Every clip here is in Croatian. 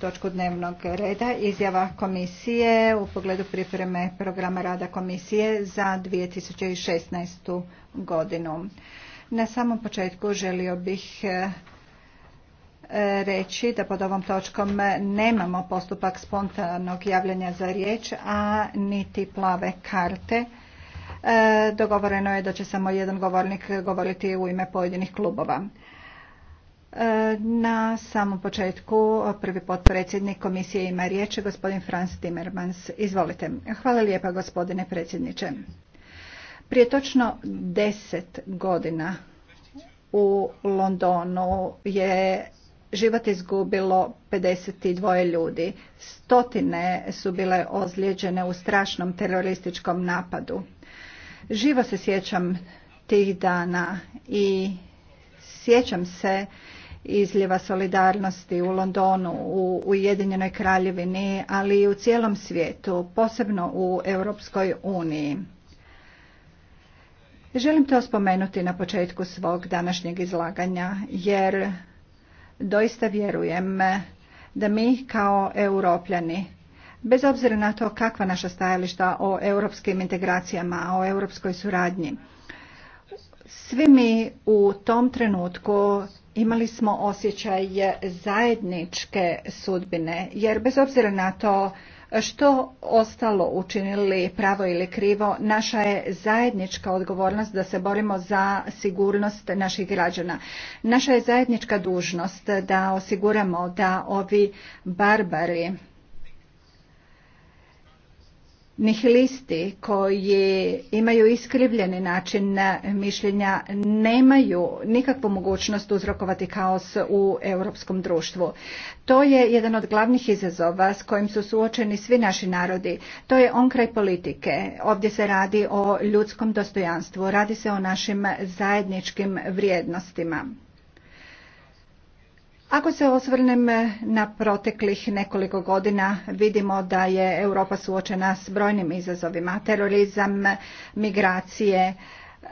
točku dnevnog reda izjava komisije u pogledu pripreme programa rada komisije za 2016. godinu. Na samom početku želio bih e, reći da pod ovom točkom nemamo postupak spontanog javljanja za riječ, a niti plave karte. E, dogovoreno je da će samo jedan govornik govoriti u ime pojedinih klubova. Na samom početku prvi potpredsjednik komisije ima riječ, gospodin Franz Timmermans. Izvolite. Hvala lijepa gospodine predsjedniče. Prije točno deset godina u Londonu je život izgubilo 52 ljudi. Stotine su bile ozlijeđene u strašnom terorističkom napadu. Živo se sjećam tih dana i sjećam se izljeva solidarnosti u Londonu, u Ujedinjenoj kraljevini, ali i u cijelom svijetu, posebno u Europskoj uniji. Želim to spomenuti na početku svog današnjeg izlaganja, jer doista vjerujem da mi kao europljani, bez obzira na to kakva naša stajališta o europskim integracijama, o europskoj suradnji, svi mi u tom trenutku imali smo osjećaj zajedničke sudbine, jer bez obzira na to što ostalo učinili pravo ili krivo, naša je zajednička odgovornost da se borimo za sigurnost naših građana. Naša je zajednička dužnost da osiguramo da ovi barbari nihilisti koji imaju iskrivljeni način mišljenja nemaju nikakvu mogućnost uzrokovati kaos u europskom društvu. To je jedan od glavnih izazova s kojim su suočeni svi naši narodi. To je on kraj politike. Ovdje se radi o ljudskom dostojanstvu, radi se o našim zajedničkim vrijednostima. Ako se osvrnem na proteklih nekoliko godina, vidimo da je Europa suočena s brojnim izazovima. Terorizam, migracije,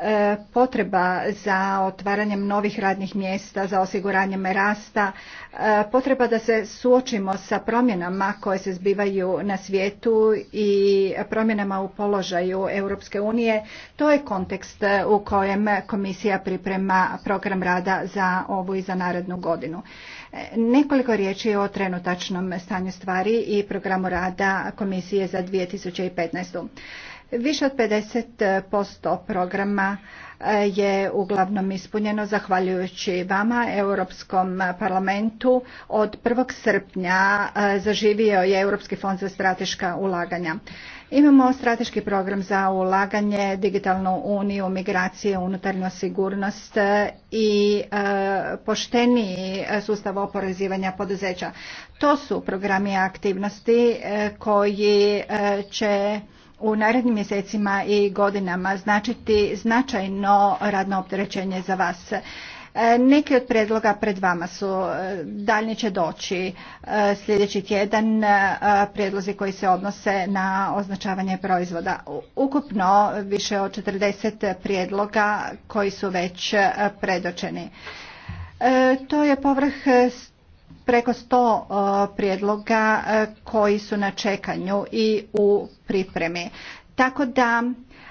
E, potreba za otvaranjem novih radnih mjesta, za osiguranjem rasta, e, potreba da se suočimo sa promjenama koje se zbivaju na svijetu i promjenama u položaju Europske unije, to je kontekst u kojem komisija priprema program rada za ovu i za narednu godinu. E, nekoliko riječi o trenutačnom stanju stvari i programu rada komisije za 2015. Više od 50% programa eh, je uglavnom ispunjeno zahvaljujući vama, Europskom parlamentu. Od 1. srpnja eh, zaživio je Europski fond za strateška ulaganja. Imamo strateški program za ulaganje, digitalnu uniju, migracije, unutarnju sigurnost eh, i pošteniji sustav oporezivanja poduzeća. To su programi aktivnosti koji će u narednim mjesecima i godinama značiti značajno radno opterećenje za vas. E, Neki od predloga pred vama su, e, dalje će doći e, sljedeći tjedan prijedlozi koji se odnose na označavanje proizvoda. Ukupno više od 40 prijedloga koji su već predočeni. To je povrh preko 100 e, prijedloga e, koji su na čekanju i u pripremi. Tako da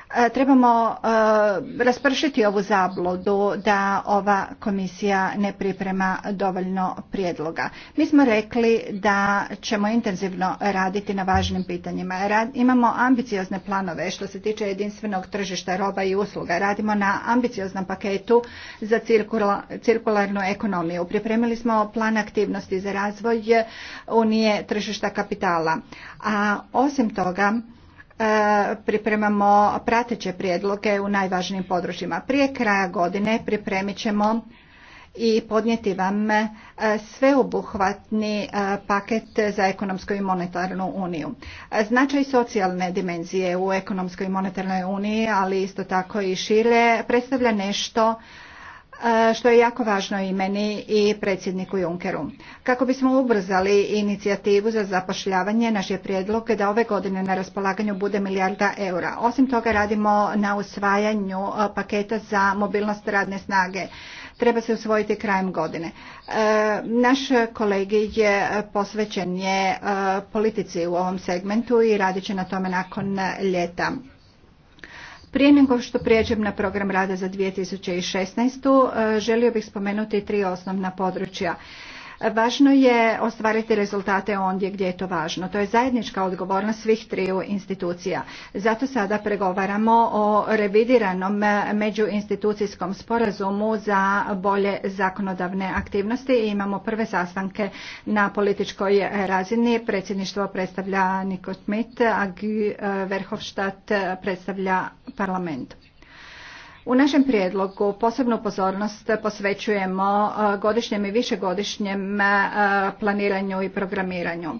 E, trebamo e, raspršiti ovu zabludu da ova komisija ne priprema dovoljno prijedloga. Mi smo rekli da ćemo intenzivno raditi na važnim pitanjima. Imamo ambiciozne planove što se tiče jedinstvenog tržišta roba i usluga. Radimo na ambicioznom paketu za cirkularnu ekonomiju. Pripremili smo plan aktivnosti za razvoj Unije tržišta kapitala. A osim toga, E, pripremamo prateće prijedloge u najvažnijim područjima. Prije kraja godine pripremit ćemo i podnijeti vam e, sveobuhvatni e, paket za ekonomsku i monetarnu uniju. Značaj socijalne dimenzije u ekonomskoj i monetarnoj uniji, ali isto tako i šire, predstavlja nešto što je jako važno i meni i predsjedniku Junkeru. Kako bismo ubrzali inicijativu za zapošljavanje, naš je prijedlog da ove godine na raspolaganju bude milijarda eura. Osim toga radimo na usvajanju paketa za mobilnost radne snage. Treba se usvojiti krajem godine. Naš kolegi je posvećen je politici u ovom segmentu i radit će na tome nakon ljeta. Prije nego što prijeđem na program rada za 2016. E, želio bih spomenuti tri osnovna područja. Važno je ostvariti rezultate ondje gdje je to važno. To je zajednička odgovornost svih triju institucija. Zato sada pregovaramo o revidiranom međuinstitucijskom sporazumu za bolje zakonodavne aktivnosti i imamo prve sastanke na političkoj razini. Predsjedništvo predstavlja Niko Mit, a e, Verhofstadt predstavlja parlament. U našem prijedlogu posebnu pozornost posvećujemo e, godišnjem i višegodišnjem e, planiranju i programiranju.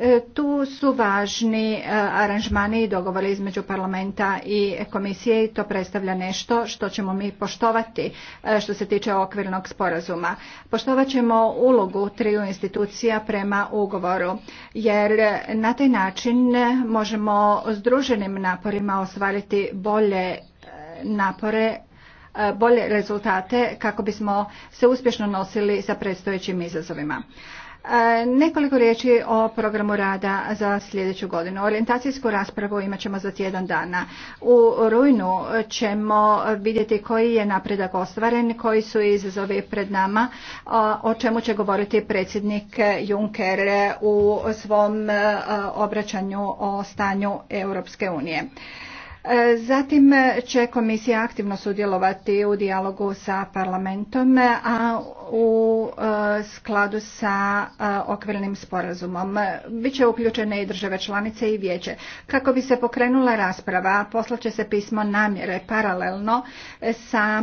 E, tu su važni e, aranžmani i dogovori između parlamenta i komisije i to predstavlja nešto što ćemo mi poštovati e, što se tiče okvirnog sporazuma. Poštovat ćemo ulogu triju institucija prema ugovoru jer na taj način možemo združenim naporima ostvariti bolje napore bolje rezultate kako bismo se uspješno nosili sa predstojećim izazovima. E, nekoliko riječi o programu rada za sljedeću godinu. Orientacijsku raspravu imat ćemo za tjedan dana. U rujnu ćemo vidjeti koji je napredak ostvaren, koji su izazovi pred nama, o čemu će govoriti predsjednik Juncker u svom e, obraćanju o stanju Europske unije. E, zatim će komisija aktivno sudjelovati u dijalogu sa parlamentom, a u e, skladu sa e, okvirnim sporazumom. Biće uključene i države članice i vijeće. Kako bi se pokrenula rasprava, poslaće se pismo namjere paralelno sa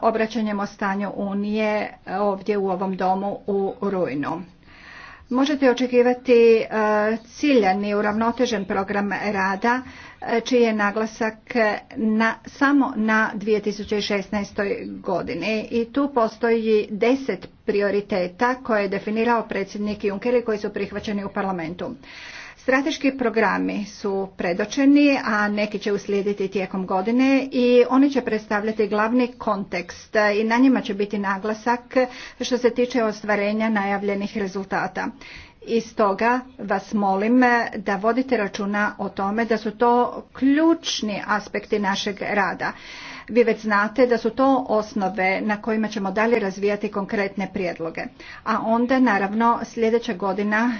obraćanjem o stanju Unije ovdje u ovom domu u Rujnu možete očekivati e, ciljani i uravnotežen program rada e, čiji je naglasak na, samo na 2016. godini i tu postoji deset prioriteta koje je definirao predsjednik Juncker i koji su prihvaćeni u parlamentu. Strateški programi su predočeni, a neki će uslijediti tijekom godine i oni će predstavljati glavni kontekst i na njima će biti naglasak što se tiče ostvarenja najavljenih rezultata. I stoga vas molim da vodite računa o tome da su to ključni aspekti našeg rada. Vi već znate da su to osnove na kojima ćemo dalje razvijati konkretne prijedloge. A onda naravno sljedeća godina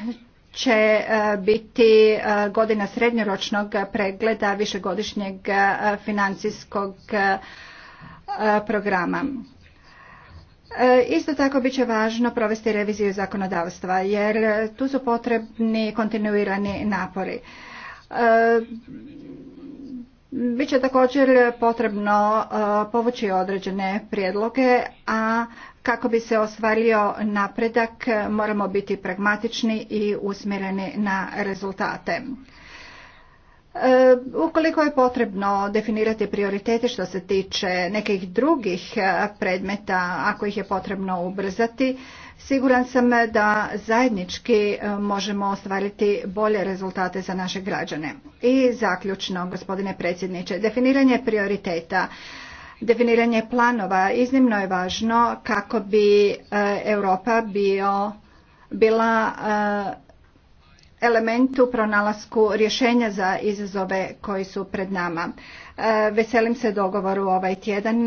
će e, biti e, godina srednjoročnog pregleda višegodišnjeg e, financijskog programa. Isto tako bit će važno provesti reviziju zakonodavstva jer tu su potrebni kontinuirani napori Biće također potrebno e, povući određene prijedloge, a kako bi se ostvario napredak moramo biti pragmatični i usmjereni na rezultate. E, ukoliko je potrebno definirati prioritete što se tiče nekih drugih e, predmeta, ako ih je potrebno ubrzati, Siguran sam da zajednički e, možemo ostvariti bolje rezultate za naše građane. I zaključno, gospodine predsjedniče, definiranje prioriteta, definiranje planova iznimno je važno kako bi e, Europa bio, bila e, element u pronalasku rješenja za izazove koji su pred nama. Veselim se dogovoru ovaj tjedan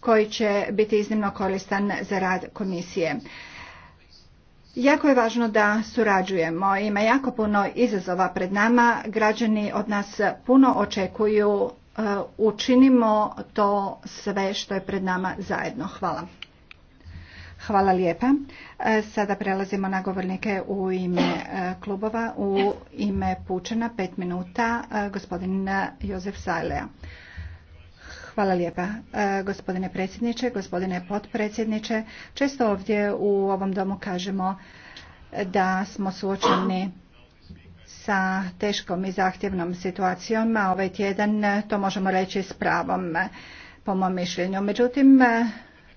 koji će biti iznimno koristan za rad komisije. Jako je važno da surađujemo. Ima jako puno izazova pred nama. Građani od nas puno očekuju. E, učinimo to sve što je pred nama zajedno. Hvala. Hvala lijepa. E, sada prelazimo na govornike u ime e, klubova. U ime Pučena, pet minuta, gospodin Jozef Sajlea. Hvala lijepa. E, gospodine predsjedniče, gospodine potpredsjedniče, često ovdje u ovom domu kažemo da smo suočeni sa teškom i zahtjevnom situacijom, a ovaj tjedan to možemo reći s pravom, po mom mišljenju. Međutim, e,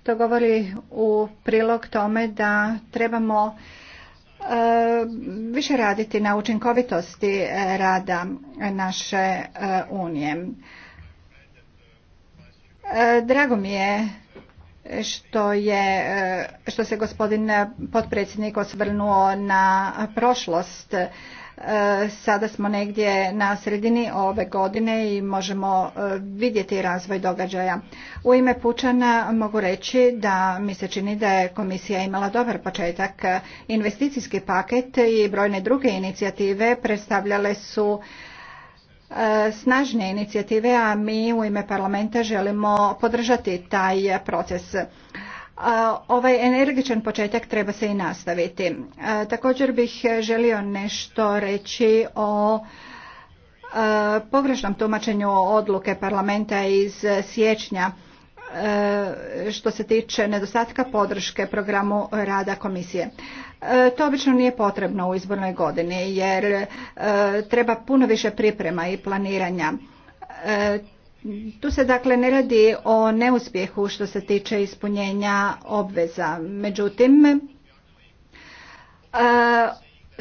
to govori u prilog tome da trebamo e, više raditi na učinkovitosti rada naše Unije. E, drago mi je što, je, e, što se gospodin potpredsjednik osvrnuo na prošlost. E, sada smo negdje na sredini ove godine i možemo vidjeti razvoj događaja. U ime Pučana mogu reći da mi se čini da je komisija imala dobar početak. Investicijski paket i brojne druge inicijative predstavljale su snažne inicijative, a mi u ime parlamenta želimo podržati taj proces. Ovaj energičan početak treba se i nastaviti. Također bih želio nešto reći o pogrešnom tumačenju odluke parlamenta iz siječnja što se tiče nedostatka podrške programu rada komisije. E, to obično nije potrebno u izbornoj godini jer e, treba puno više priprema i planiranja. E, tu se dakle ne radi o neuspjehu što se tiče ispunjenja obveza. Međutim,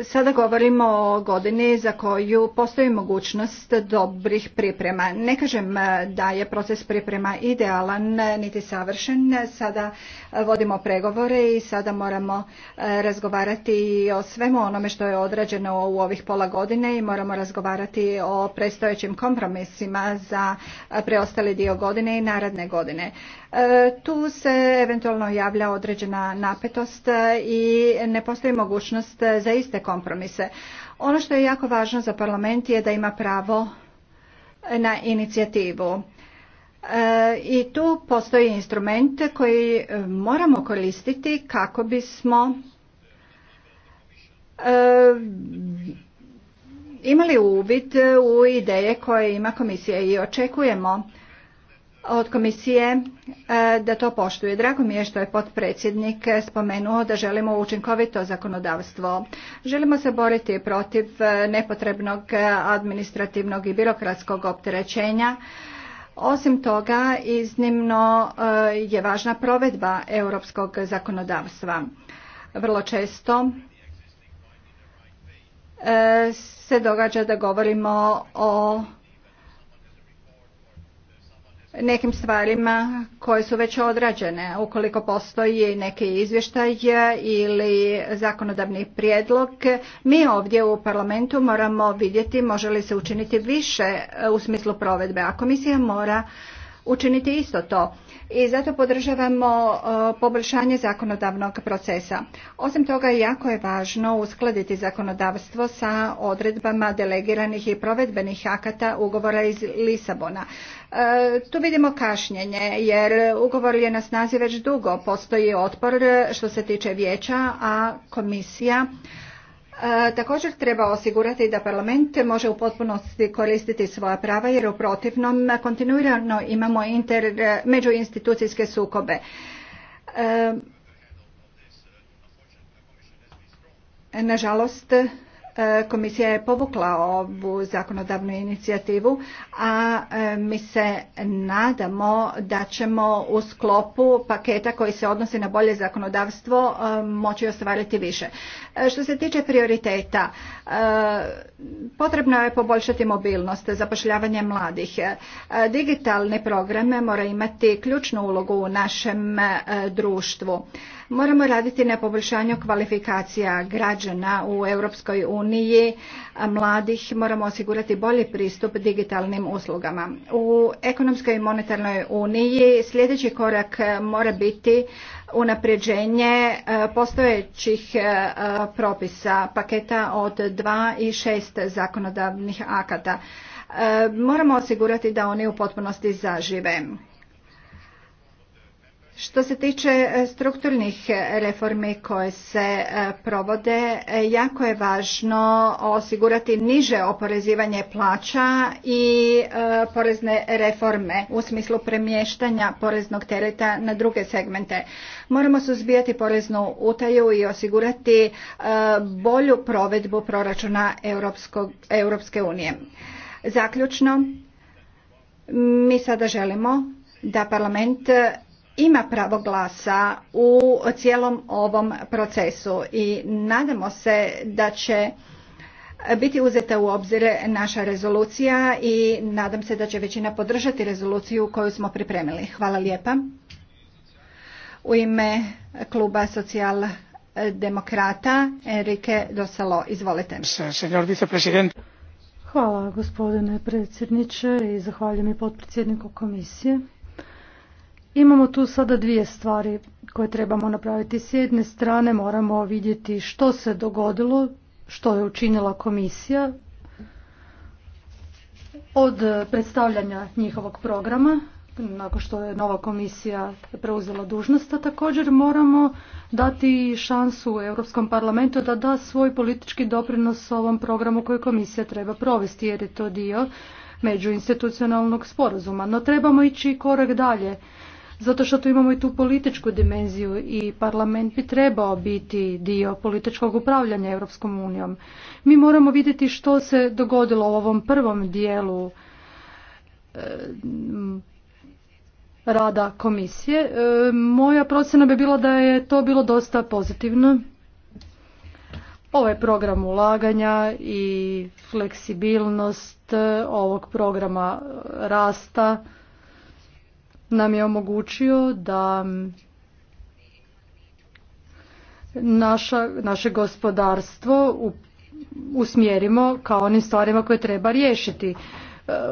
Sada govorimo o godini za koju postoji mogućnost dobrih priprema. Ne kažem eh, da je proces priprema idealan niti savršen. Sada vodimo pregovore i sada moramo e, razgovarati o svemu onome što je odrađeno u ovih pola godine i moramo razgovarati o predstojećim kompromisima za preostali dio godine i naredne godine. E, tu se eventualno javlja određena napetost i ne postoji mogućnost za iste kompromise. Ono što je jako važno za parlament je da ima pravo na inicijativu i tu postoji instrument koji e, moramo koristiti kako bismo e, imali uvid u ideje koje ima komisija i očekujemo od komisije e, da to poštuje. Drago mi je što je potpredsjednik spomenuo da želimo učinkovito zakonodavstvo. Želimo se boriti protiv nepotrebnog administrativnog i birokratskog opterećenja osim toga, iznimno e, je važna provedba europskog zakonodavstva. Vrlo često e, se događa da govorimo o nekim stvarima koje su već odrađene. Ukoliko postoji neki izvještaj ili zakonodavni prijedlog, mi ovdje u parlamentu moramo vidjeti može li se učiniti više u smislu provedbe, a komisija mora učiniti isto to. I zato podržavamo e, poboljšanje zakonodavnog procesa. Osim toga, jako je važno uskladiti zakonodavstvo sa odredbama delegiranih i provedbenih akata ugovora iz Lisabona. E, tu vidimo kašnjenje jer ugovor je na snazi već dugo. Postoji otpor što se tiče vijeća, a komisija e, također treba osigurati da parlament može u potpunosti koristiti svoja prava jer u protivnom kontinuirano imamo inter, međuinstitucijske sukobe. E, nažalost, E, komisija je povukla ovu zakonodavnu inicijativu, a e, mi se nadamo da ćemo u sklopu paketa koji se odnosi na bolje zakonodavstvo e, moći ostvariti više. Što se tiče prioriteta, potrebno je poboljšati mobilnost, zapošljavanje mladih. Digitalni programe mora imati ključnu ulogu u našem društvu. Moramo raditi na poboljšanju kvalifikacija građana u EU uniji mladih moramo osigurati bolji pristup digitalnim uslugama. U ekonomskoj i monetarnoj uniji sljedeći korak e, mora biti unapređenje e, postojećih e, propisa paketa od dva i šest zakonodavnih akata. Moramo osigurati da oni u potpunosti zažive. Što se tiče e, strukturnih e, reformi koje se e, provode, jako je važno osigurati niže oporezivanje plaća i porezne reforme u smislu premještanja poreznog tereta na druge segmente. Moramo suzbijati poreznu utaju i osigurati bolju provedbu proračuna Europske unije. Zaključno, mi sada želimo da parlament ima pravo glasa u cijelom ovom procesu i nadamo se da će biti uzeta u obzir naša rezolucija i nadam se da će većina podržati rezoluciju koju smo pripremili. Hvala lijepa. U ime kluba socijaldemokrata Enrique Dosalo, izvolite. Hvala gospodine predsjedniče i zahvaljujem i potpredsjedniku komisije. Imamo tu sada dvije stvari koje trebamo napraviti. S jedne strane moramo vidjeti što se dogodilo, što je učinila komisija od predstavljanja njihovog programa, nakon što je nova komisija preuzela dužnost, a također moramo dati šansu Europskom parlamentu da da svoj politički doprinos ovom programu koji komisija treba provesti, jer je to dio međuinstitucionalnog sporazuma. No trebamo ići korak dalje zato što tu imamo i tu političku dimenziju i parlament bi trebao biti dio političkog upravljanja Europskom unijom. Mi moramo vidjeti što se dogodilo u ovom prvom dijelu e, rada komisije. E, moja procjena bi bila da je to bilo dosta pozitivno. Ovaj program ulaganja i fleksibilnost e, ovog programa rasta nam je omogućio da naša, naše gospodarstvo usmjerimo kao onim stvarima koje treba riješiti e,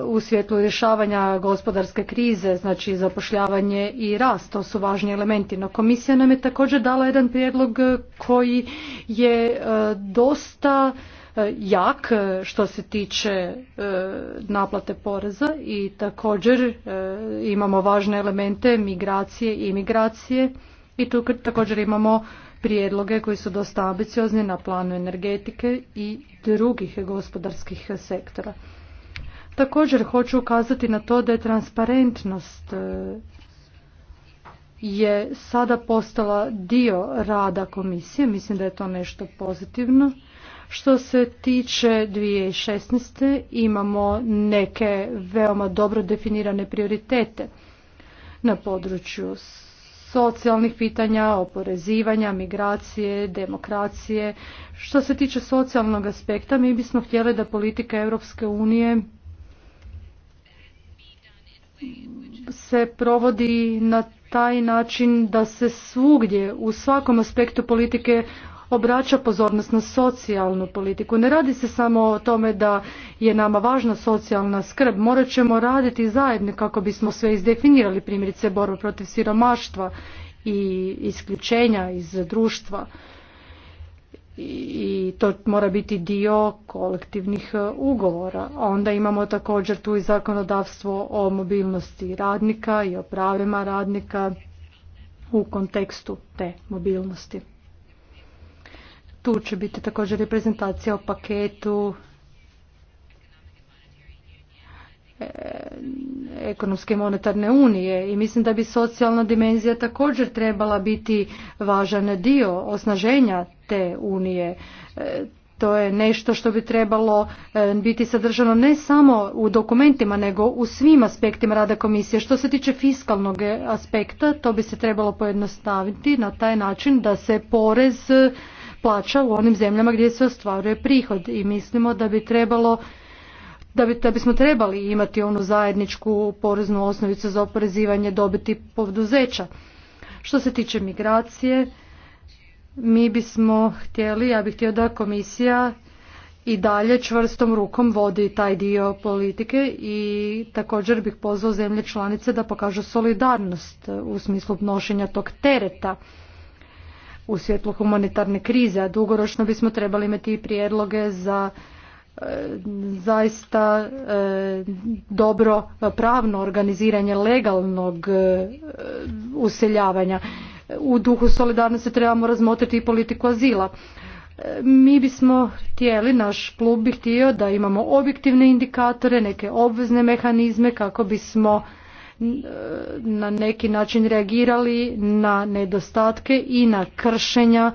u svjetlu rješavanja gospodarske krize, znači zapošljavanje i rast, to su važni elementi. No komisija nam je također dala jedan prijedlog koji je e, dosta E, jak e, što se tiče e, naplate poreza i također imamo važne elemente migracije i imigracije i tu također imamo prijedloge koji su dosta ambiciozni na planu energetike i drugih gospodarskih sektora. Također hoću ukazati na to da je transparentnost je sada postala dio rada komisije. Mislim da je to nešto pozitivno što se tiče 2016. imamo neke veoma dobro definirane prioritete na području socijalnih pitanja, oporezivanja, migracije, demokracije. Što se tiče socijalnog aspekta, mi bismo htjeli da politika Europske unije se provodi na taj način da se svugdje u svakom aspektu politike obraća pozornost na socijalnu politiku. Ne radi se samo o tome da je nama važna socijalna skrb, morat ćemo raditi zajedno kako bismo sve izdefinirali, primjerice borbu protiv siromaštva i isključenja iz društva i to mora biti dio kolektivnih e, ugovora. Onda imamo također tu i zakonodavstvo o mobilnosti radnika i o pravima radnika u kontekstu te mobilnosti. Tu će biti također i prezentacija o paketu e, ekonomske i monetarne unije i mislim da bi socijalna dimenzija također trebala biti važan dio osnaženja te unije. E, to je nešto što bi trebalo e, biti sadržano ne samo u dokumentima nego u svim aspektima rada komisije. Što se tiče fiskalnog aspekta, to bi se trebalo pojednostaviti na taj način da se porez plaća u onim zemljama gdje se ostvaruje prihod i mislimo da bi trebalo da, bi, bismo trebali imati onu zajedničku poreznu osnovicu za oporezivanje dobiti poduzeća. Što se tiče migracije, mi bismo htjeli, ja bih htio da komisija i dalje čvrstom rukom vodi taj dio politike i također bih pozvao zemlje članice da pokažu solidarnost u smislu nošenja tog tereta u svjetlu humanitarne krize, a dugoročno bismo trebali imati i prijedloge za e, zaista e, dobro pravno organiziranje legalnog e, useljavanja. U duhu solidarnosti trebamo razmotriti i politiku azila. Mi bismo htjeli, naš klub bi htio da imamo objektivne indikatore, neke obvezne mehanizme kako bismo na neki način reagirali na nedostatke i na kršenja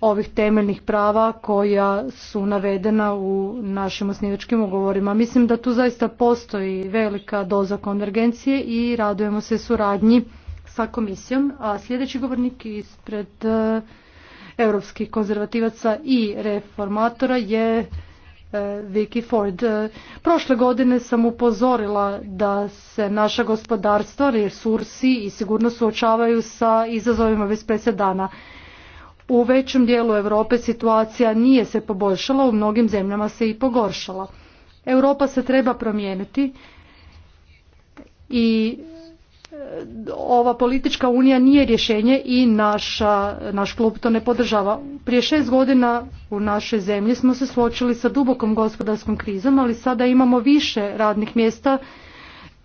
ovih temeljnih prava koja su navedena u našim osnivačkim ugovorima. Mislim da tu zaista postoji velika doza konvergencije i radujemo se suradnji sa komisijom. A sljedeći govornik ispred eh, europskih konzervativaca i reformatora je E, Vicky Ford. E, prošle godine sam upozorila da se naša gospodarstva, resursi i sigurnost suočavaju sa izazovima bez presedana. U većem dijelu Europe situacija nije se poboljšala, u mnogim zemljama se i pogoršala. Europa se treba promijeniti i ova politička unija nije rješenje i naša, naš klub to ne podržava. Prije šest godina u našoj zemlji smo se suočili sa dubokom gospodarskom krizom, ali sada imamo više radnih mjesta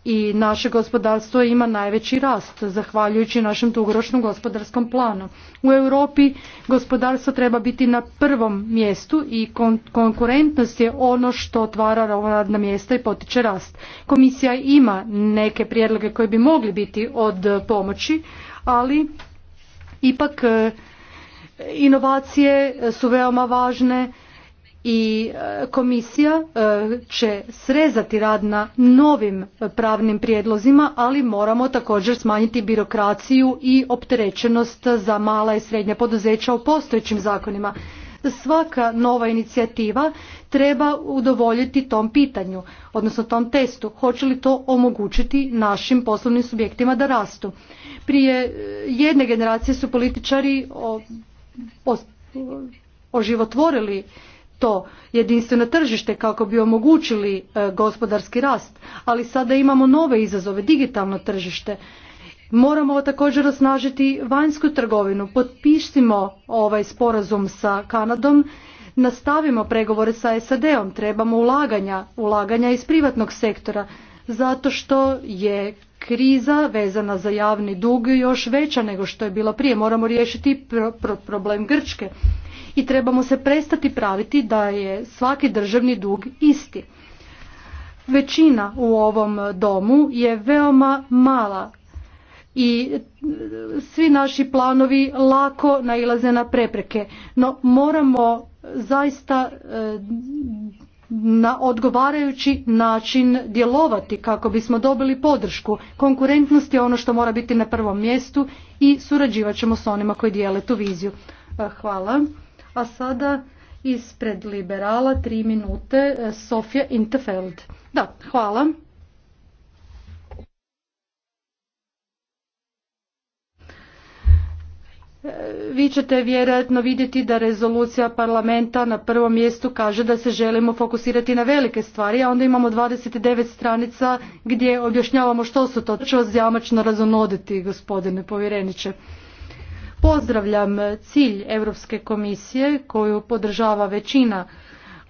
i naše gospodarstvo ima najveći rast zahvaljujući našem dugoročnom gospodarskom planu. U Europi gospodarstvo treba biti na prvom mjestu i konkurentnost je ono što otvara radna mjesta i potiče rast. Komisija ima neke prijedloge koje bi mogli biti od pomoći, ali ipak eh, inovacije su veoma važne i e, komisija e, će srezati rad na novim pravnim prijedlozima, ali moramo također smanjiti birokraciju i opterećenost za mala i srednja poduzeća u postojećim zakonima. Svaka nova inicijativa treba udovoljiti tom pitanju, odnosno tom testu. Hoće li to omogućiti našim poslovnim subjektima da rastu? Prije e, jedne generacije su političari oživotvorili to jedinstveno tržište kako bi omogućili e, gospodarski rast, ali sada imamo nove izazove, digitalno tržište. Moramo također osnažiti vanjsku trgovinu, potpisimo ovaj sporazum sa Kanadom, nastavimo pregovore sa SAD-om, trebamo ulaganja, ulaganja iz privatnog sektora, zato što je kriza vezana za javni dug još veća nego što je bila prije. Moramo riješiti problem Grčke i trebamo se prestati praviti da je svaki državni dug isti. Većina u ovom domu je veoma mala i svi naši planovi lako nailaze na prepreke, no moramo zaista e, na odgovarajući način djelovati kako bismo dobili podršku. Konkurentnost je ono što mora biti na prvom mjestu i surađivat ćemo s onima koji dijele tu viziju. E, hvala. A sada ispred liberala tri minute e, Sofija Interfeld. Da, hvala. E, vi ćete vjerojatno vidjeti da rezolucija parlamenta na prvom mjestu kaže da se želimo fokusirati na velike stvari, a onda imamo 29 stranica gdje objašnjavamo što su to. Ču vas jamačno razonoditi, gospodine povjereniče. Pozdravljam cilj Europske komisije koju podržava većina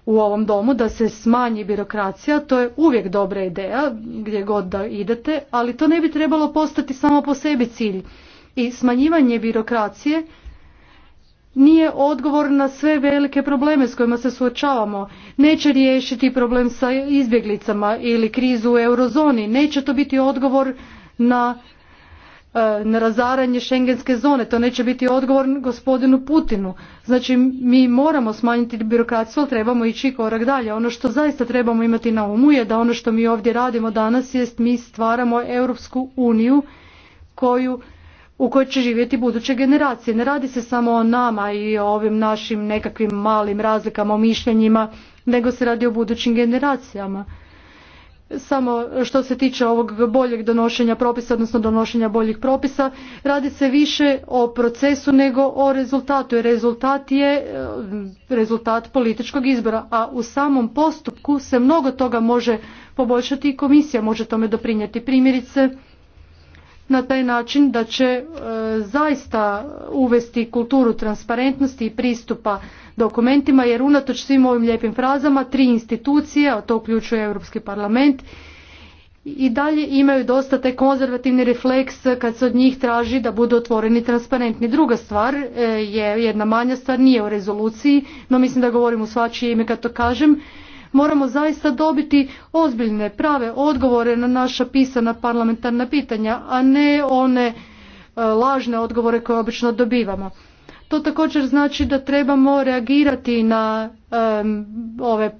u ovom domu da se smanji birokracija, to je uvijek dobra ideja gdje god da idete, ali to ne bi trebalo postati samo po sebi cilj. I smanjivanje birokracije nije odgovor na sve velike probleme s kojima se suočavamo. Neće riješiti problem sa izbjeglicama ili krizu u eurozoni. Neće to biti odgovor na E, na razaranje šengenske zone. To neće biti odgovor gospodinu Putinu. Znači mi moramo smanjiti birokraciju, ali trebamo ići korak dalje. Ono što zaista trebamo imati na umu je da ono što mi ovdje radimo danas jest mi stvaramo Europsku uniju koju u kojoj će živjeti buduće generacije. Ne radi se samo o nama i o ovim našim nekakvim malim razlikama, o mišljenjima, nego se radi o budućim generacijama samo što se tiče ovog boljeg donošenja propisa, odnosno donošenja boljih propisa, radi se više o procesu nego o rezultatu. rezultat je e, rezultat političkog izbora, a u samom postupku se mnogo toga može poboljšati i komisija može tome doprinijeti. Primjerice, na taj način da će e, zaista uvesti kulturu transparentnosti i pristupa dokumentima jer unatoč svim ovim lijepim frazama tri institucije, a to uključuje Europski parlament, i dalje imaju dosta taj konzervativni refleks kad se od njih traži da budu otvoreni i transparentni. Druga stvar e, je jedna manja stvar, nije u rezoluciji, no mislim da govorim u svačije ime kad to kažem, Moramo zaista dobiti ozbiljne, prave odgovore na naša pisana parlamentarna pitanja, a ne one e, lažne odgovore koje obično dobivamo. To također znači da trebamo reagirati na ove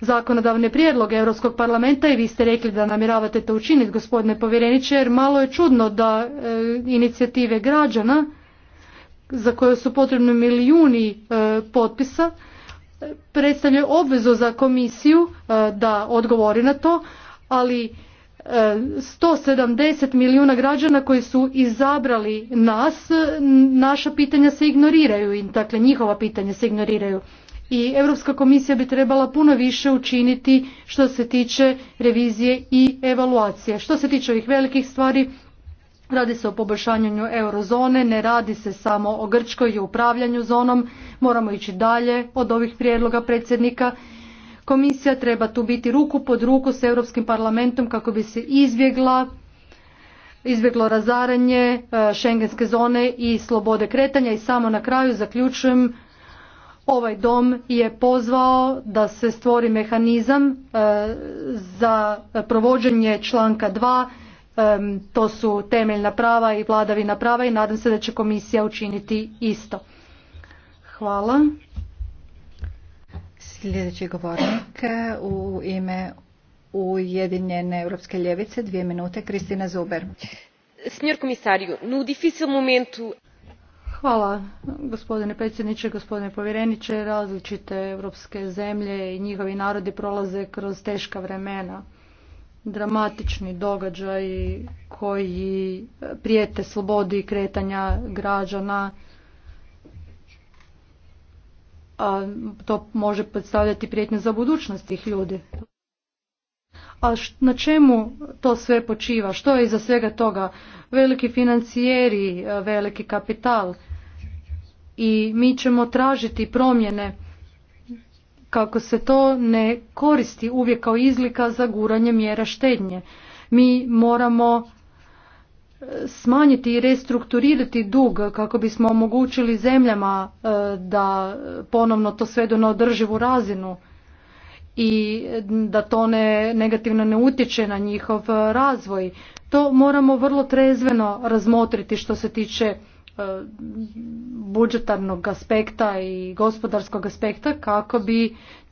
zakonodavne prijedloge Europskog parlamenta i vi ste rekli da namjeravate to učiniti gospodine povjereniče jer malo je čudno da e, inicijative građana za koje su potrebni milijuni e, potpisa predstavljaju obvezu za komisiju e, da odgovori na to, ali 170 e, milijuna građana koji su izabrali nas, naša pitanja se ignoriraju dakle njihova pitanja se ignoriraju. I Europska komisija bi trebala puno više učiniti što se tiče revizije i evaluacije. Što se tiče ovih velikih stvari, Radi se o poboljšanju eurozone, ne radi se samo o Grčkoj i upravljanju zonom, moramo ići dalje od ovih prijedloga predsjednika. Komisija treba tu biti ruku pod ruku s Europskim parlamentom kako bi se izbjegla izbjeglo razaranje šengenske e, zone i slobode kretanja i samo na kraju zaključujem ovaj dom je pozvao da se stvori mehanizam e, za provođenje članka 2 to su temeljna prava i vladavina prava i nadam se da će komisija učiniti isto. Hvala. Sljedeći govornik u ime Ujedinjene Europske ljevice, dvije minute, Kristina Zuber. komisariju, u momentu... Hvala gospodine predsjedniče, gospodine povjereniče. Različite europske zemlje i njihovi narodi prolaze kroz teška vremena dramatični događaji koji prijete slobodi kretanja građana to može predstavljati prijetnje za budućnost tih ljudi. A na čemu to sve počiva? Što je iza svega toga? Veliki financijeri, e, veliki kapital. I mi ćemo tražiti promjene kako se to ne koristi uvijek kao izlika za guranje mjera štednje. Mi moramo e, smanjiti i restrukturirati dug kako bismo omogućili zemljama e, da ponovno to svedu na održivu razinu i da to ne negativno ne utječe na njihov razvoj. To moramo vrlo trezveno razmotriti što se tiče E, budžetarnog aspekta i gospodarskog aspekta kako bi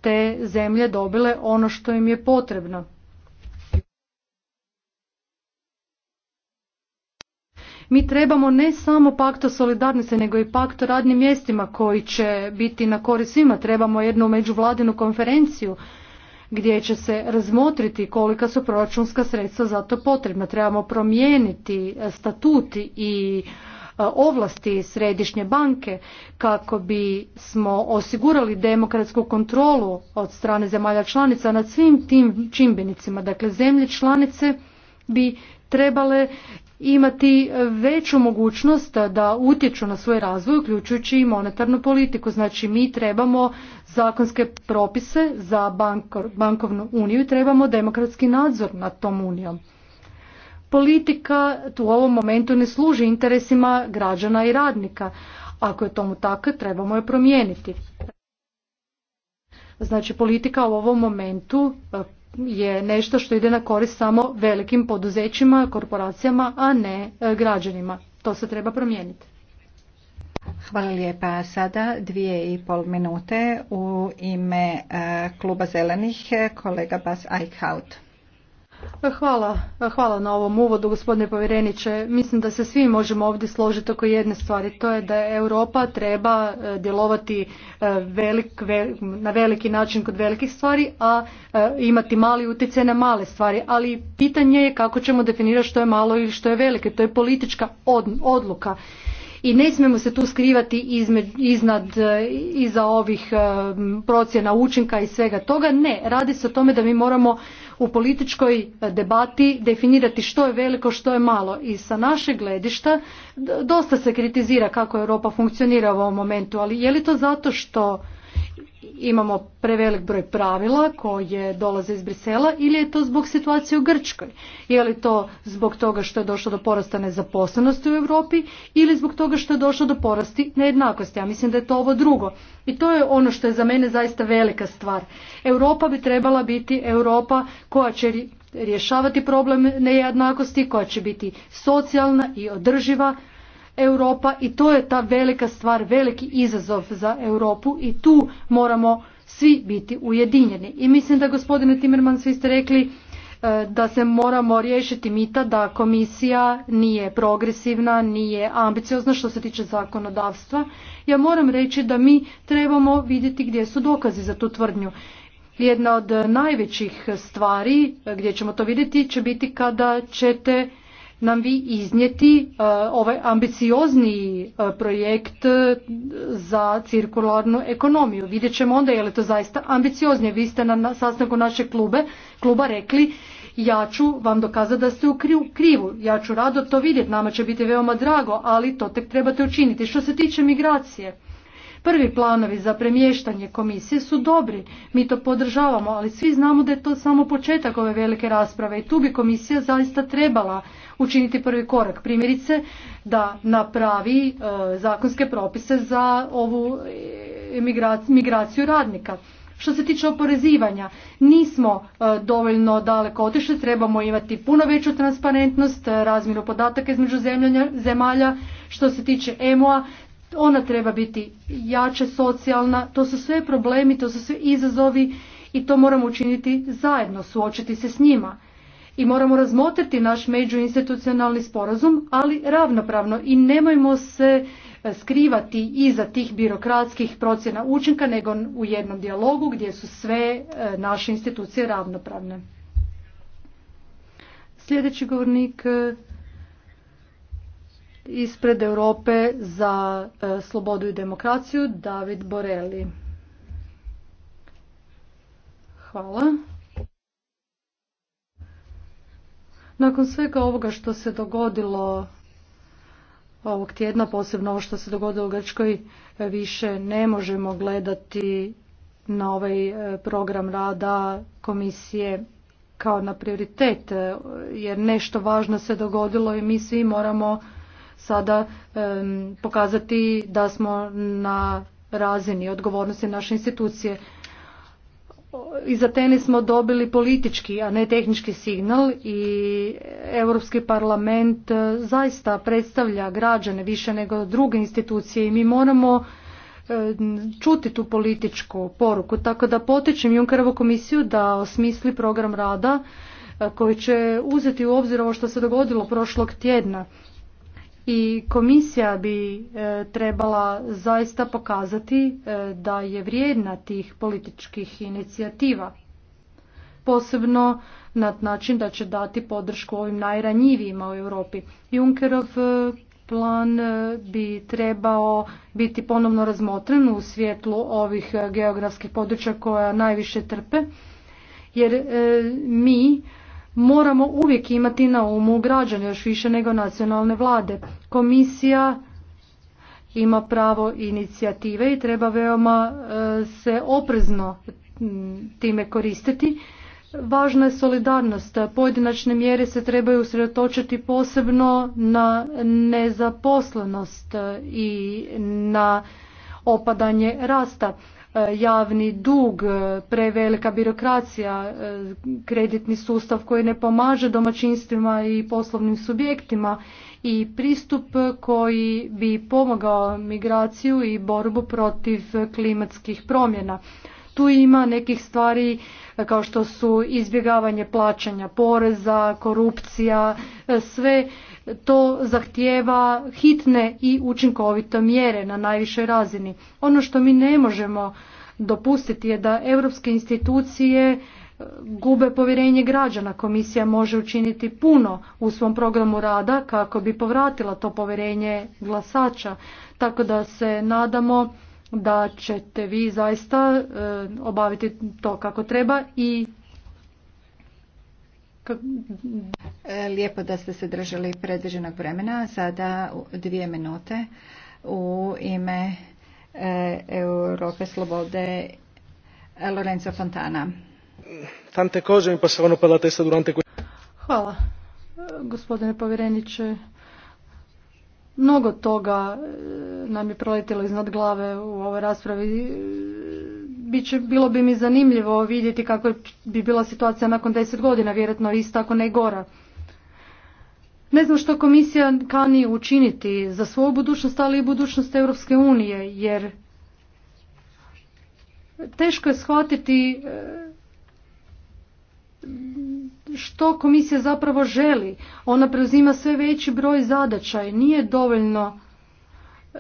te zemlje dobile ono što im je potrebno. Mi trebamo ne samo pakt solidarnosti, nego i pakto radnim mjestima koji će biti na korist svima. Trebamo jednu međuvladinu konferenciju gdje će se razmotriti kolika su proračunska sredstva za to potrebna. Trebamo promijeniti statuti i ovlasti središnje banke kako bi smo osigurali demokratsku kontrolu od strane zemalja članica nad svim tim čimbenicima. Dakle, zemlje članice bi trebale imati veću mogućnost da utječu na svoj razvoj, uključujući i monetarnu politiku. Znači mi trebamo zakonske propise za bankovnu uniju i trebamo demokratski nadzor nad tom unijom politika tu u ovom momentu ne služi interesima građana i radnika. Ako je tomu tako, trebamo je promijeniti. Znači, politika u ovom momentu eh, je nešto što ide na korist samo velikim poduzećima, korporacijama, a ne eh, građanima. To se treba promijeniti. Hvala lijepa. Sada dvije i pol minute u ime eh, kluba zelenih kolega Bas Eichhout. Hvala, hvala na ovom uvodu gospodine povjereniče. Mislim da se svi možemo ovdje složiti oko jedne stvari, to je da Europa treba e, djelovati e, velik, na veliki način kod velikih stvari, a e, imati mali utjecaj na male stvari. Ali pitanje je kako ćemo definirati što je malo ili što je veliko, to je politička odluka. I ne smijemo se tu skrivati izme, iznad, iza ovih procjena učinka i svega toga. Ne, radi se o tome da mi moramo u političkoj e, debati definirati što je veliko, što je malo. I sa našeg gledišta dosta se kritizira kako Europa funkcionira u ovom momentu, ali je li to zato što imamo prevelik broj pravila koje dolaze iz Brisela ili je to zbog situacije u Grčkoj? Je li to zbog toga što je došlo do porasta nezaposlenosti u Europi ili zbog toga što je došlo do porasti nejednakosti? Ja mislim da je to ovo drugo. I to je ono što je za mene zaista velika stvar. Europa bi trebala biti Europa koja će rješavati problem nejednakosti, koja će biti socijalna i održiva, Europa i to je ta velika stvar, veliki izazov za Europu i tu moramo svi biti ujedinjeni. I mislim da gospodine Timerman, vi ste rekli e, da se moramo riješiti mita da komisija nije progresivna, nije ambiciozna što se tiče zakonodavstva. Ja moram reći da mi trebamo vidjeti gdje su dokazi za tu tvrdnju. Jedna od najvećih stvari gdje ćemo to vidjeti će biti kada ćete nam vi iznijeti e, ovaj ambiciozniji e, projekt e, za cirkularnu ekonomiju. Vidjet ćemo onda je li to zaista ambicioznije. Vi ste na sastanku naše klube, kluba rekli ja ću vam dokazati da ste u krivu. Ja ću rado to vidjeti, nama će biti veoma drago, ali to tek trebate učiniti. Što se tiče migracije, Prvi planovi za premještanje komisije su dobri, mi to podržavamo, ali svi znamo da je to samo početak ove velike rasprave i tu bi komisija zaista trebala učiniti prvi korak. Primjerice da napravi e, zakonske propise za ovu e, migraciju radnika. Što se tiče oporezivanja, nismo e, dovoljno daleko otišli, trebamo imati puno veću transparentnost, razmjeru podataka između zemalja. Što se tiče EMO-a, ona treba biti jače socijalna, to su sve problemi, to su sve izazovi i to moramo učiniti zajedno, suočiti se s njima. I moramo razmotriti naš međuinstitucionalni sporazum, ali ravnopravno i nemojmo se e, skrivati iza tih birokratskih procjena učinka, nego u jednom dijalogu gdje su sve e, naše institucije ravnopravne. Sljedeći govornik e, ispred Europe za e, slobodu i demokraciju David Borelli. Hvala. Nakon svega ovoga što se dogodilo ovog tjedna, posebno ovo što se dogodilo u Grčkoj, e, više ne možemo gledati na ovaj e, program rada komisije kao na prioritet, jer nešto važno se dogodilo i mi svi moramo sada pokazati da smo na razini odgovornosti naše institucije. Iz Atene smo dobili politički, a ne tehnički signal i Europski parlament e, zaista predstavlja građane više nego druge institucije i mi moramo e, čuti tu političku poruku. Tako da potičem Junkerovu komisiju da osmisli program rada e, koji će uzeti u obzir ovo što se dogodilo prošlog tjedna i komisija bi e, trebala zaista pokazati e, da je vrijedna tih političkih inicijativa posebno na način da će dati podršku ovim najranjivijima u Europi. Junkerov e, plan bi trebao biti ponovno razmotren u svjetlu ovih geografskih područja koja najviše trpe jer mi moramo uvijek imati na umu građane još više nego nacionalne vlade. Komisija ima pravo inicijative i treba veoma e, se oprezno time koristiti. Važna je solidarnost. Pojedinačne mjere se trebaju usredotočiti posebno na nezaposlenost e, i na opadanje rasta. E, javni dug, e, prevelika birokracija, e, kreditni sustav koji ne pomaže domaćinstvima i poslovnim subjektima i pristup koji bi pomogao migraciju i borbu protiv klimatskih promjena. Tu ima nekih stvari e, kao što su izbjegavanje plaćanja poreza, korupcija, e, sve to zahtijeva hitne i učinkovite mjere na najvišoj razini. Ono što mi ne možemo dopustiti je da europske institucije e, gube povjerenje građana. Komisija može učiniti puno u svom programu rada kako bi povratila to povjerenje glasača. Tako da se nadamo da ćete vi zaista e, obaviti to kako treba i e, Lijepo da ste se držali predviđenog vremena. Sada dvije minute u ime e, Europe Slobode Lorenzo Fontana. Tante cose mi per la testa durante Hvala. Gospodine povjereniče, Mnogo toga e, nam je proletilo iznad glave u ovoj raspravi. E, Biće, bilo bi mi zanimljivo vidjeti kako bi bila situacija nakon deset godina, vjerojatno isto ako ne gora. Ne znam što komisija kani učiniti za svoju budućnost, ali i budućnost Europske unije, jer teško je shvatiti e, što komisija zapravo želi. Ona preuzima sve veći broj zadaća i nije dovoljno e,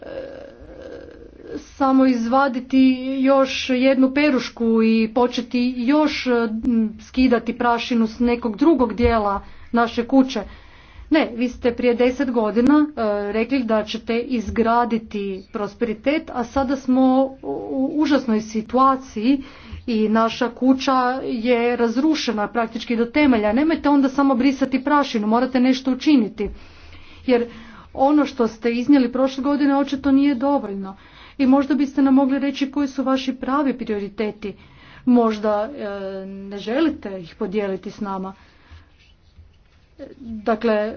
samo izvaditi još jednu perušku i početi još e, skidati prašinu s nekog drugog dijela naše kuće. Ne, vi ste prije deset godina e, rekli da ćete izgraditi prosperitet, a sada smo u užasnoj situaciji i naša kuća je razrušena praktički do temelja. Nemojte onda samo brisati prašinu, morate nešto učiniti. Jer ono što ste iznijeli prošle godine očito nije dovoljno. I možda biste nam mogli reći koji su vaši pravi prioriteti. Možda e, ne želite ih podijeliti s nama. Dakle, e,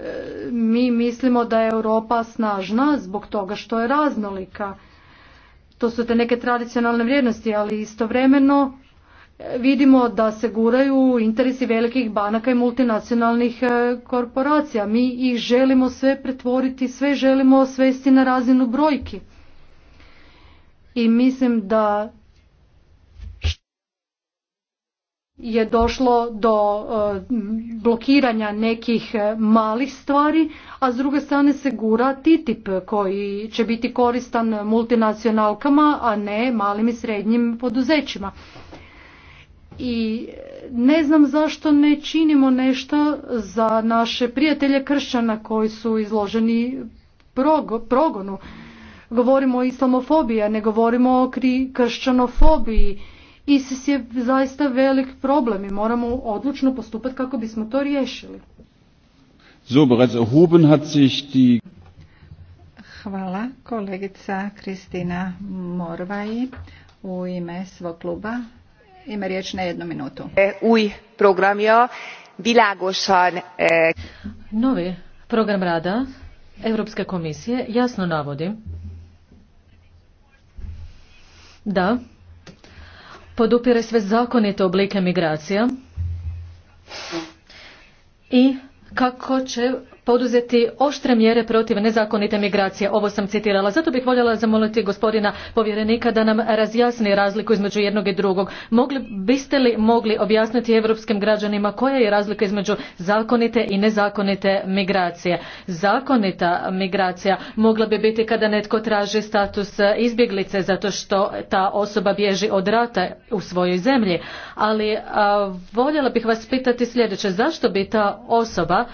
mi mislimo da je Europa snažna zbog toga što je raznolika. To su te neke tradicionalne vrijednosti, ali istovremeno vidimo da se guraju interesi velikih banaka i multinacionalnih e, korporacija. Mi ih želimo sve pretvoriti, sve želimo svesti na razinu brojki. I mislim da je došlo do e, blokiranja nekih e, malih stvari, a s druge strane se gura TTIP koji će biti koristan multinacionalkama, a ne malim i srednjim poduzećima i ne znam zašto ne činimo nešto za naše prijatelje kršćana koji su izloženi progonu. Govorimo o islamofobiji, a ne govorimo o kršćanofobiji. ISIS je zaista velik problem i moramo odlučno postupati kako bismo to riješili. hat sich die... Hvala, kolegica Kristina Morvaj u ime svog kluba ima riječ na jednu minutu. E, e, Novi program rada Europske komisije jasno navodi da podupire sve zakonite oblike migracija i kako će poduzeti oštre mjere protiv nezakonite migracije. Ovo sam citirala. Zato bih voljela zamoliti gospodina povjerenika da nam razjasni razliku između jednog i drugog. Mogli, biste li mogli objasniti europskim građanima koja je razlika između zakonite i nezakonite migracije? Zakonita migracija mogla bi biti kada netko traži status izbjeglice zato što ta osoba bježi od rata u svojoj zemlji. Ali voljela bih vas pitati sljedeće. Zašto bi ta osoba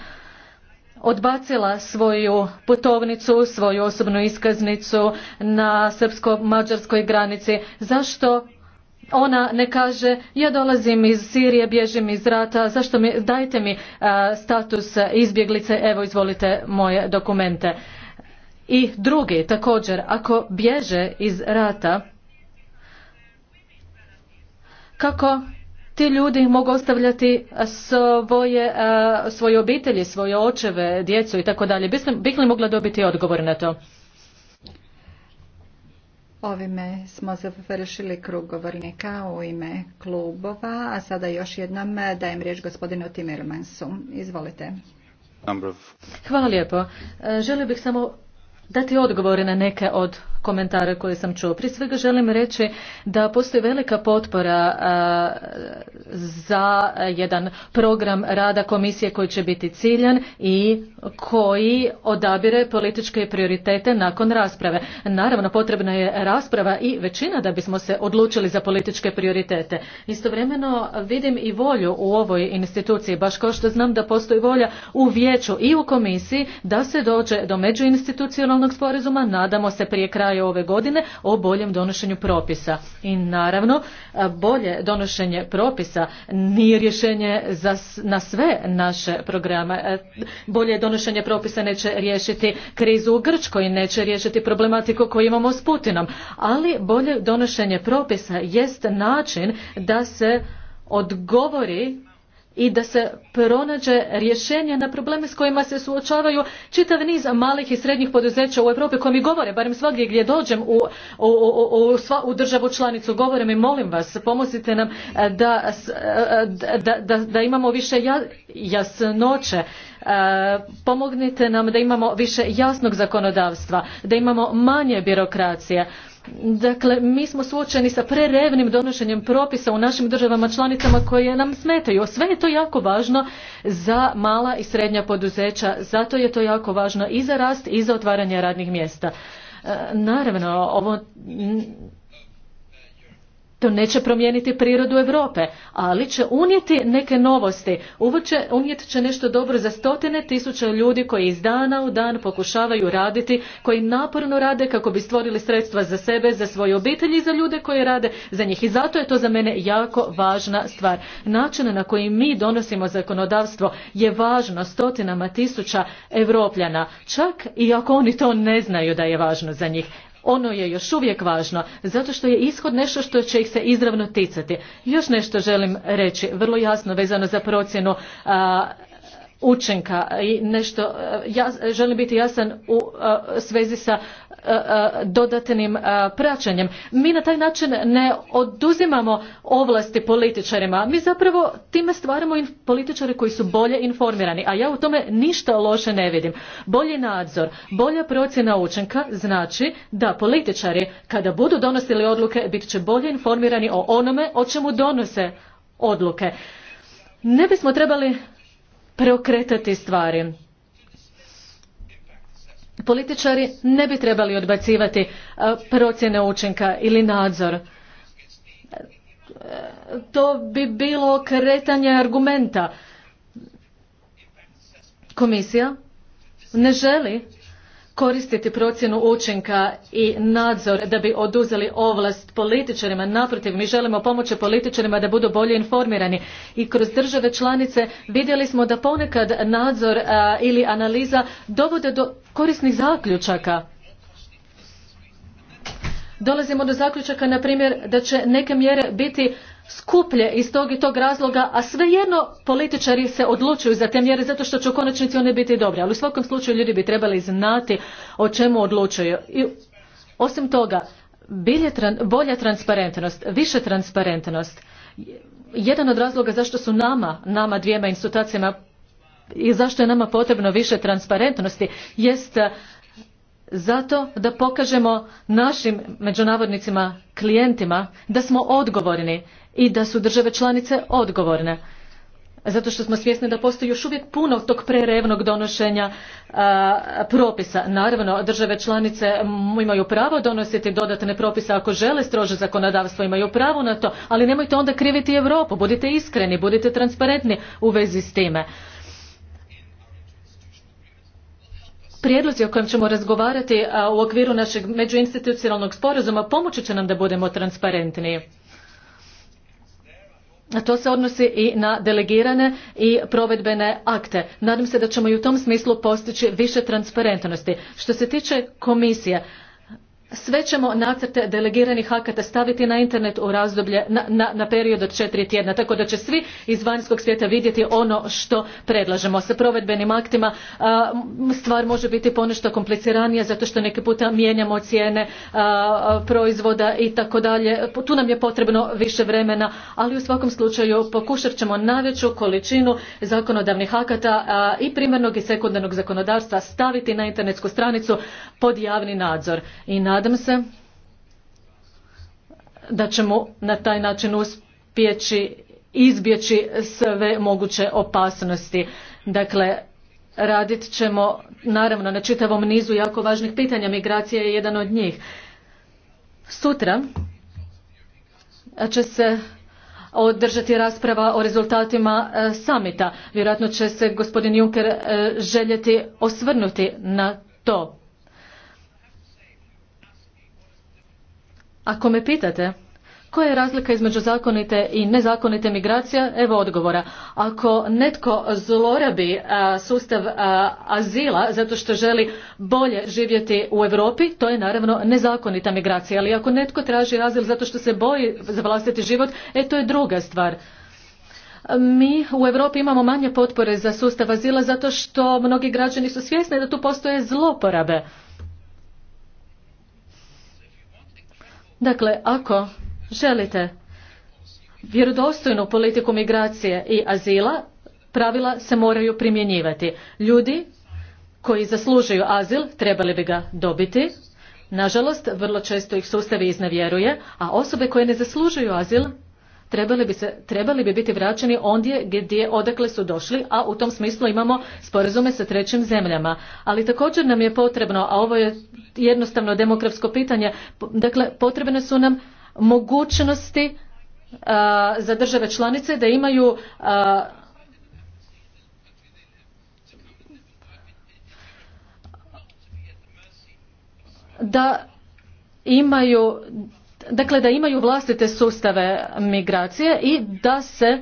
odbacila svoju putovnicu, svoju osobnu iskaznicu na srpsko-mađarskoj granici. Zašto ona ne kaže ja dolazim iz Sirije, bježim iz rata, zašto mi, dajte mi status izbjeglice, evo izvolite moje dokumente. I drugi također, ako bježe iz rata, kako ti ljudi mogu ostavljati eh, svoje, eh, svoje obitelji, svoje očeve, djecu i tako dalje. Bih li mogla dobiti odgovor na to? Ovime smo završili krug govornika u ime klubova, a sada još jednom eh, dajem riječ gospodinu Timirmansu. Izvolite. Hvala lijepo. Želio bih samo dati odgovore na neke od komentare koje sam čuo. Prije svega želim reći da postoji velika potpora za jedan program rada komisije koji će biti ciljan i koji odabire političke prioritete nakon rasprave. Naravno potrebna je rasprava i većina da bismo se odlučili za političke prioritete. Istovremeno vidim i volju u ovoj instituciji, baš kao što znam da postoji volja u vijeću i u komisiji da se dođe do međuinstitucionalnog sporazuma, nadamo se prije kraja kraju ove godine o boljem donošenju propisa. I naravno, bolje donošenje propisa nije rješenje za, na sve naše programe. E, bolje donošenje propisa neće riješiti krizu u Grčkoj, neće riješiti problematiku koju imamo s Putinom, ali bolje donošenje propisa jest način da se odgovori i da se pronađe rješenje na probleme s kojima se suočavaju čitav niz malih i srednjih poduzeća u Europi koji mi govore, barem svagdje gdje dođem u, sva, u državu članicu, govore i molim vas, pomozite nam e, e, e, da, da imamo više jasnoće, pomognite nam da imamo više jasnog zakonodavstva, da imamo manje birokracije. Dakle, mi smo suočeni sa prerevnim donošenjem propisa u našim državama članicama koje nam smetaju. Sve je to jako važno za mala i srednja poduzeća. Zato je to jako važno i za rast i za otvaranje radnih mjesta. E, naravno, ovo to neće promijeniti prirodu Europe, ali će unijeti neke novosti. Uvoće, unijet će nešto dobro za stotine tisuća ljudi koji iz dana u dan pokušavaju raditi, koji naporno rade kako bi stvorili sredstva za sebe, za svoje obitelji i za ljude koji rade za njih. I zato je to za mene jako važna stvar. Način na koji mi donosimo zakonodavstvo je važno stotinama tisuća Europljana, čak i ako oni to ne znaju da je važno za njih ono je još uvijek važno zato što je ishod nešto što će ih se izravno ticati. Još nešto želim reći, vrlo jasno vezano za procjenu učenka i nešto, ja želim biti jasan u svezi sa E, e, dodatnim e, praćenjem. Mi na taj način ne oduzimamo ovlasti političarima. Mi zapravo time stvaramo političare koji su bolje informirani, a ja u tome ništa loše ne vidim. Bolji nadzor, bolja procjena učinka znači da političari kada budu donosili odluke bit će bolje informirani o onome o čemu donose odluke. Ne bismo trebali preokretati stvari političari ne bi trebali odbacivati e, procjene učinka ili nadzor. E, to bi bilo kretanje argumenta. Komisija ne želi koristiti procjenu učinka i nadzor da bi oduzeli ovlast političarima. Naprotiv, mi želimo pomoći političarima da budu bolje informirani. I kroz države članice vidjeli smo da ponekad nadzor ili analiza dovode do korisnih zaključaka. Dolazimo do zaključaka, na primjer, da će neke mjere biti skuplje iz tog i tog razloga, a svejedno političari se odlučuju za te mjere zato što će u konačnici one biti dobre. Ali u svakom slučaju ljudi bi trebali znati o čemu odlučuju. I osim toga, bolja transparentnost, više transparentnost. Jedan od razloga zašto su nama, nama dvijema institucijama i zašto je nama potrebno više transparentnosti jest zato da pokažemo našim međunavodnicima klijentima da smo odgovorni i da su države članice odgovorne zato što smo svjesni da postoji još uvijek puno tog prerevnog donošenja propisa. Naravno, države članice imaju pravo donositi dodatne propise ako žele strože zakonodavstvo, imaju pravo na to, ali nemojte onda kriviti Europu, budite iskreni, budite transparentni u vezi s time. prijedlozi o kojem ćemo razgovarati u okviru našeg međuinstitucionalnog sporazuma pomoći će nam da budemo transparentniji. A to se odnosi i na delegirane i provedbene akte. Nadam se da ćemo i u tom smislu postići više transparentnosti. Što se tiče komisije, sve ćemo nacrte delegiranih akata staviti na internet u razdoblje na, na, period od četiri tjedna tako da će svi iz vanjskog svijeta vidjeti ono što predlažemo. Sa provedbenim aktima stvar može biti ponešto kompliciranija zato što neki puta mijenjamo cijene proizvoda i tako dalje. Tu nam je potrebno više vremena, ali u svakom slučaju pokušat ćemo najveću količinu zakonodavnih akata i primarnog i sekundarnog zakonodavstva staviti na internetsku stranicu pod javni nadzor i nadzor Nadam se da ćemo na taj način uspjeći izbjeći sve moguće opasnosti. Dakle, radit ćemo naravno na čitavom nizu jako važnih pitanja. Migracija je jedan od njih. Sutra će se održati rasprava o rezultatima e, samita. Vjerojatno će se gospodin Juncker e, željeti osvrnuti na to. Ako me pitate koja je razlika između zakonite i nezakonite migracija, evo odgovora. Ako netko zlorabi e, sustav e, azila zato što želi bolje živjeti u Europi, to je naravno nezakonita migracija. Ali ako netko traži azil zato što se boji za vlastiti život, e to je druga stvar. Mi u Europi imamo manje potpore za sustav azila zato što mnogi građani su svjesni da tu postoje zloporabe. Dakle, ako želite vjerodostojnu politiku migracije i azila, pravila se moraju primjenjivati. Ljudi koji zaslužuju azil trebali bi ga dobiti. Nažalost, vrlo često ih sustavi iznevjeruje, a osobe koje ne zaslužuju azil trebali bi, se, trebali bi biti vraćeni ondje gdje odakle su došli, a u tom smislu imamo sporazume sa trećim zemljama. Ali također nam je potrebno, a ovo je jednostavno demografsko pitanje, dakle potrebne su nam mogućnosti za države članice da imaju da imaju dakle da imaju vlastite sustave migracije i da se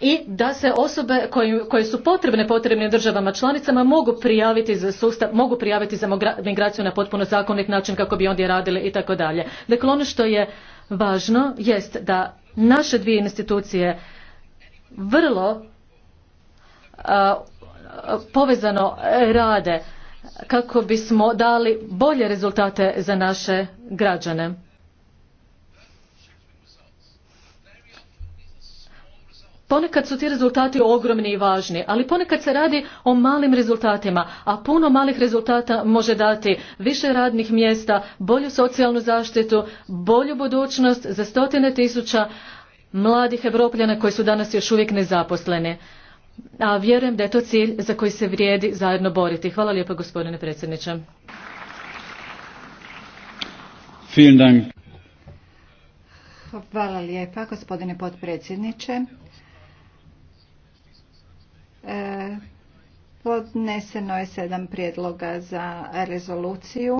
i da se osobe koje, su potrebne potrebne državama članicama mogu prijaviti za sustav, mogu prijaviti za migraciju na potpuno zakonit način kako bi ondje radili i tako dalje. Dakle, ono što je važno jest da naše dvije institucije vrlo povezano rade kako bismo dali bolje rezultate za naše građane. Ponekad su ti rezultati ogromni i važni, ali ponekad se radi o malim rezultatima, a puno malih rezultata može dati više radnih mjesta, bolju socijalnu zaštitu, bolju budućnost za stotine tisuća mladih Evropljana koji su danas još uvijek nezaposleni a vjerujem da je to cilj za koji se vrijedi zajedno boriti. Hvala lijepo gospodine predsjedniče. Hvala lijepa gospodine potpredsjedniče. E, podneseno je sedam prijedloga za rezoluciju.